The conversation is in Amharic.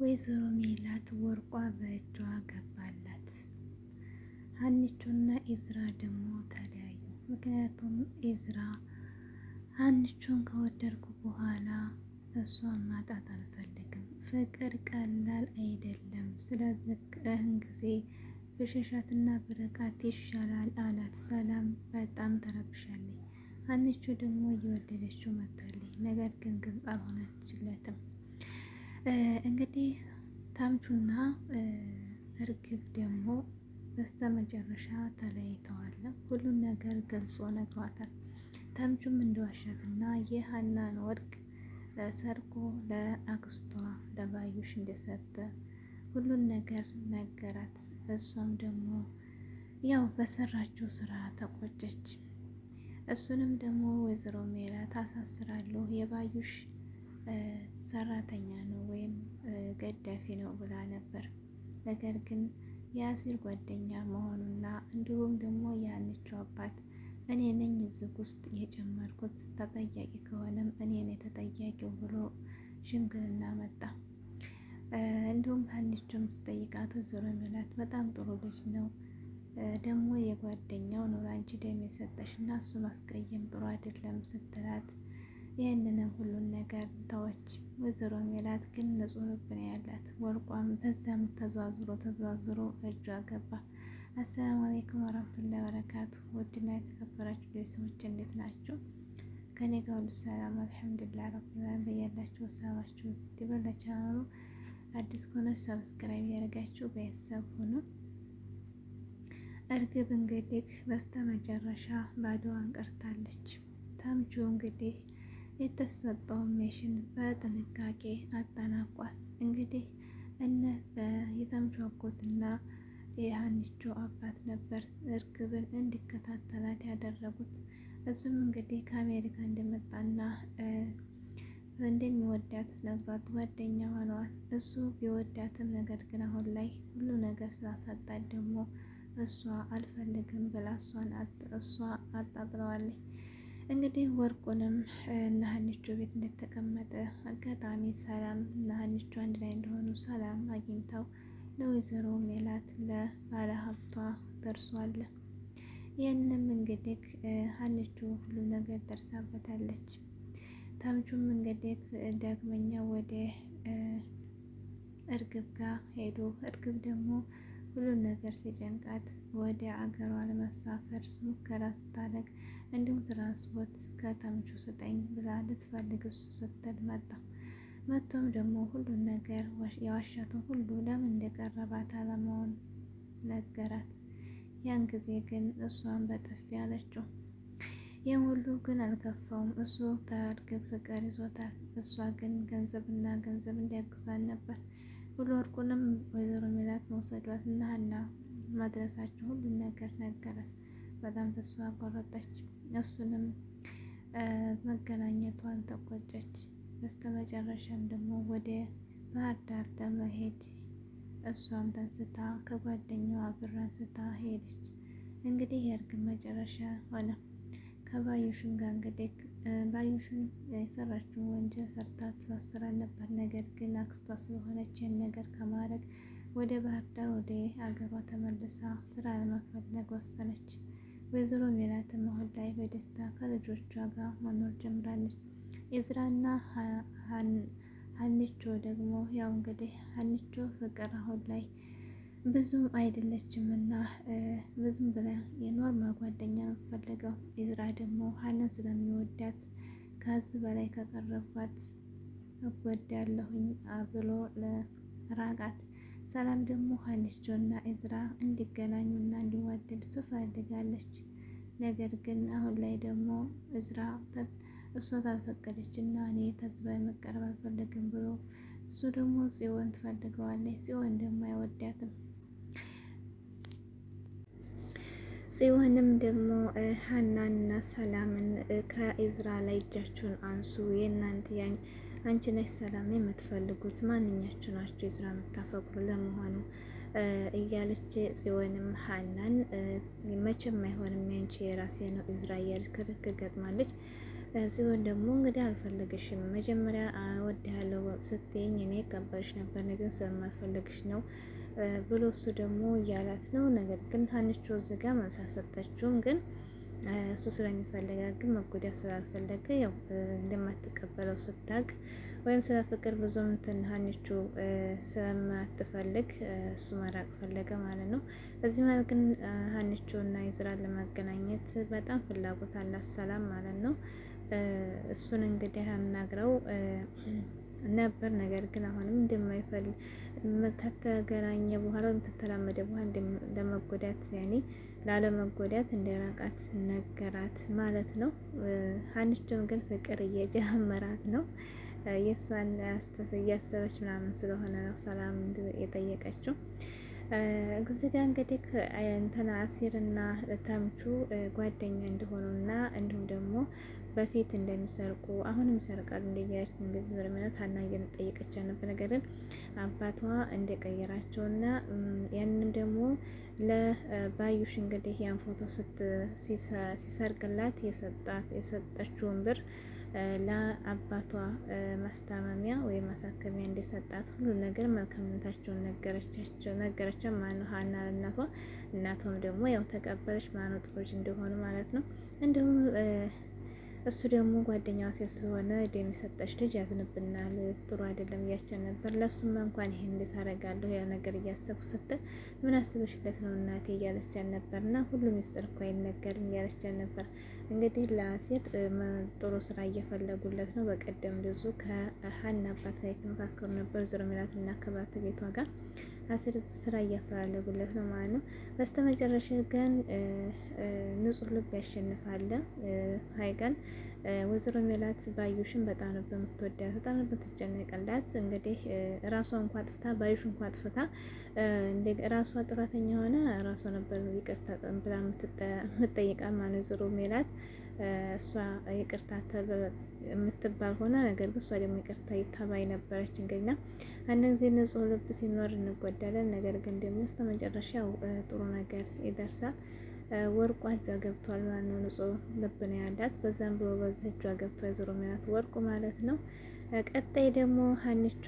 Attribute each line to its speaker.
Speaker 1: ወይዘሮ ሜላት ወርቋ በእጇ ገባላት። ሀኒቾና ኤዝራ ደግሞ ተለያዩ። ምክንያቱም ኤዝራ ሀኒቾን ከወደድኩ በኋላ እሷን ማጣት አልፈልግም፣ ፍቅር ቀላል አይደለም፣ ስለዚህ ጊዜ በሸሻትና በርቀት ይሻላል አላት። ሰላም በጣም ተረብሻለች። ሀኒቾ ደግሞ እየወደደችው መጥታለች። ነገር ግን ግልጽ አልሆነችለትም። እንግዲህ ታምቹና እርግብ ደግሞ በስተ መጨረሻ ተለያይተዋል። ሁሉን ነገር ገልጾ ነግሯታል። ታምቹም እንደዋሻትና የሀናን ወርቅ ሰርቆ ለአክስቷ ለባዩሽ እንደሰጠ ሁሉን ነገር ነገራት። እሷም ደግሞ ያው በሰራችው ስራ ተቆጨች። እሱንም ደግሞ ወይዘሮ ሜላት አሳስራለሁ የባዩሽ ሰራተኛ ነው ወይም ገዳፊ ነው ብላ ነበር። ነገር ግን የአሲር ጓደኛ መሆኑና እንዲሁም ደግሞ የአንቸው አባት እኔ ነኝ እዚህ ውስጥ የጨመርኩት ተጠያቂ ከሆነም እኔ ነኝ ተጠያቂው ብሎ ሽምግልና መጣ። እንዲሁም አንችም ስጠይቃት ዞሮ ምላት በጣም ጥሩ ልጅ ነው ደግሞ የጓደኛው ኑራንቺ ደም የሰጠሽ እና እሱ ማስቀየም ጥሩ አይደለም ስትላት ይህንንም ሁሉን ነገር ተወች። ወይዘሮ ሜላት ግን ንጹህ ልብ ነው ያላት። ወርቋም በዛም ተዟዝሮ ተዟዝሮ እጇ ገባ። አሰላሙ አለይኩም ወረህመቱላሂ ወበረካቱ። ውድና የተከበራችሁ ቤተሰቦች እንዴት ናችሁ? ከኔ ጋር ሁሉ ሰላም አልሐምዱሊላህ። ረቢላን በያላችሁ ወሳባችሁ ስት በለቻሉ አዲስ ከሆነ ሰብስክራይብ ያደርጋችሁ ቤተሰብ ሁኑ። እርግብ እንግዲህ መጨረሻ ባዶዋን ቀርታለች። ታምቹ እንግዲህ የተሰጠውን ሜሽን በጥንቃቄ አጠናቋል። እንግዲህ እነ የተምቾና የሀኒቾ አባት ነበር እርግብን እንዲከታተላት ያደረጉት። እሱም እንግዲህ ከአሜሪካ እንደመጣና እንደሚወዳት ነግሯት ጓደኛ ሆነዋል። እሱ ቢወዳትም ነገር ግን አሁን ላይ ሁሉ ነገር ስላሳጣት ደግሞ እሷ አልፈልግም ብላ እሷን እሷ አጣጥለዋለች። እንግዲህ ወርቁንም እነ ሀኒቾ ቤት እንደተቀመጠ አጋጣሚ ሰላም እነ ሀኒቾ አንድ ላይ እንደሆኑ ሰላም አግኝተው ለወይዘሮ ሜላት ለባለ ሀብቷ ደርሷል። ይህንም እንግዲህ ሀኒቾ ሁሉ ነገር ደርሳበታለች። ታምቹም እንግዲህ ዳግመኛ ወደ እርግብ ጋር ሄዶ እርግብ ደግሞ ሁሉን ነገር ሲጨንቃት ወደ አገሯ ለመሳፈር ሙከራ ስታደርግ እንዲሁም ትራንስፖርት ከተምቹ ስጠኝ ብላ ልትፈልግ እሱ ስትል መጣ። መጥቶም ደግሞ ሁሉን ነገር የዋሻትን ሁሉ ለምን እንደቀረባት አላማውን ነገራት። ያን ጊዜ ግን እሷን በጥፊ አለችው። ይህም ሁሉ ግን አልከፋውም። እሱ ተርግብ ፍቅር ይዞታል። እሷ ግን ገንዘብና ገንዘብ እንዲያግዛን ነበር። ሁሉ ወርቁንም ወይዘሮ ሜላት መውሰዷት እና ሀና መድረሳቸው ነገር ነገራት። በጣም ተስፋ ቆረጠች። እሱንም መገናኘቷን ተቆጨች። በስተመጨረሻም ደግሞ ወደ ባህር ዳር ለመሄድ እሷም ተንስታ ከጓደኛዋ ብር አንስታ ሄደች። እንግዲህ የእርግብ መጨረሻ ሆነ ከባዩሽን ጋር እንግዲህ ባዩሽን የሰራችውን ወንጀል ሰርታ ታስራ ነበር። ነገር ግን አክስቷ ስለሆነች ይህን ነገር ከማድረግ ወደ ባህር ዳር ወደ አገሯ ተመልሳ ስራ ለመፈለግ ወሰነች። ወይዘሮ ሜላትም አሁን ላይ በደስታ ከልጆቿ ጋር መኖር ጀምራለች። የዝራና ሀኒቾ ደግሞ ያው እንግዲህ ሀኒቾ ፍቅር አሁን ላይ ብዙም አይደለችም እና ብዙም ብላ የኖርማ ጓደኛ የምትፈልገው የዝራ ደግሞ ሀናን ስለሚወዳት ከዚህ በላይ ከቀረባት እጎዳለሁኝ ብሎ ራቃት። ሰላም ደግሞ ሀንቾና እዝራ እንዲገናኙና እንዲዋደዱ ትፈልጋለች። ነገር ግን አሁን ላይ ደግሞ እዝራ እሷ ታልፈቀደች እና እኔ ከዚህ በላይ መቀረብ አልፈለግም ብሎ እሱ ደግሞ ጽዮን ትፈልገዋለች። ጽዮን ደግሞ አይወዳትም። ጽዮንም ደግሞ ሀናንና ሰላምን ከኢዝራ ላይ እጃችሁን አንሱ፣ የእናንተ ያኝ አንቺ ነሽ ሰላም የምትፈልጉት ማንኛችሁ ናችሁ ኢዝራ የምታፈቅሩ ለመሆኑ እያለች ጽዮንም ሀናን መቼም አይሆንም ያንቺ የራሴ ነው ኢዝራ እያለች ክርክር ገጥማለች። ጽዮን ደግሞ እንግዲህ አልፈልግሽም፣ መጀመሪያ ያለው ስትኝ እኔ ቀበልሽ ነበር፣ ነገር ስለማልፈልግሽ ነው ብሎ እሱ ደግሞ እያላት ነው። ነገር ግን ታንቾ እዚህ ጋር መልስ አልሰጠችውም። ግን እሱ ስለሚፈለጋ ግን መጎዳት ስላልፈለገ ያው እንደማትቀበለው ስታቅ ወይም ስለ ፍቅር ብዙ ምትን ሀኒቹ ስለማትፈልግ እሱ መራቅ ፈለገ ማለት ነው። በዚህ ማለት ግን ሀኒቹ እና ይዝራን ለማገናኘት በጣም ፍላጎት አላት ሰላም ማለት ነው። እሱን እንግዲህ አናግረው ነበር። ነገር ግን አሁንም እንደማይፈልግ ከተገናኘ በኋላ ወይም ተተላመደ በኋላ ለመጎዳት ያኔ ላለመጎዳት እንደራቃት ነገራት ማለት ነው። ሀንቾም ግን ፍቅር እየጀመራት ነው። የእሷን እያሰበች ምናምን ስለሆነ ነው ሰላም የጠየቀችው። እግዚአብሔር ጋ እንግዲህ እንትና አሲርና ተምቹ ጓደኛ እንደሆኑና እንዲሁም ደግሞ በፊት እንደሚሰርቁ አሁንም ይሰርቃሉ እንደያቸው እንግዲህ ምርምና ታናየ ጠየቀቻ ነበር። ነገር ግን አባቷ እንደቀየራቸውና ያንንም ደግሞ ለባዩሽ እንግዲህ ያን ፎቶ ሲሰርቅላት የሰጣት የሰጠችውን ብር ለአባቷ ማስታመሚያ ወይም ማሳከሚያ እንደሰጣት ሁሉ ነገር መልካምነታቸውን ነገረቻቸው ነገረቻት ማለት ሀና እናቷ እናቷም ደግሞ ያው ተቀበለች ማለት ነው። ጥሩጅ እንደሆኑ ማለት ነው። እንዲሁም እሱ ደግሞ ጓደኛዋ ሴት ስለሆነ ደም የሰጠች ልጅ ያዝንብናል፣ ጥሩ አይደለም እያቸን ነበር። ለእሱም እንኳን ይሄን እንዴት አደርጋለሁ ያ ነገር እያሰብኩ ስትል ምን አስበሽለት ነው እናቴ እያለቻን ነበር። እና ሁሉም ሚስጥር እኮ አይነገርም እያለቻን ነበር። እንግዲህ ለአሴር ጥሩ ስራ እየፈለጉለት ነው። በቀደም ልዙ ከሀና አባት ላይ የተመካከሩ ነበር ዞሮ ሚላት እና ከባለቤቷ ጋር አስር ስራ እያፈላለጉለት ነው ማለት ነው። በስተመጨረሻ ግን ንጹህ ልብ ያሸንፋል። ሀይቀን ወይዘሮ ሜላት ባዩሽን በጣም ነው በምትወዳት በጣም ነው በምትጨነቅላት። እንግዲህ ራሷ እንኳ ጥፍታ ባዩሽ እንኳ ጥፍታ ራሷ ጥፋተኛ ሆነ ራሷ ነበር ይቅርታ ብላ የምትጠይቃ ማለት ወይዘሮ ሜላት እሷ ይቅርታ የምትባል ሆና ነገር ግን እሷ ደግሞ ይቅርታ ይተባይ ነበረች። እንግዲና አንድ ጊዜ ንጹህ ልብ ሲኖር እንጎዳለን። ነገር ግን ደግሞ እስከ መጨረሻው ጥሩ ነገር ይደርሳል። ወርቁ እጇ ገብቷል ማለት ነው። ንጹህ ልብ ነው ያላት። በዛም ብሎ በዚህ እጇ ገብቷ የዞሮ ሚላት ወርቁ ማለት ነው። ቀጣይ ደግሞ ሀኒቾ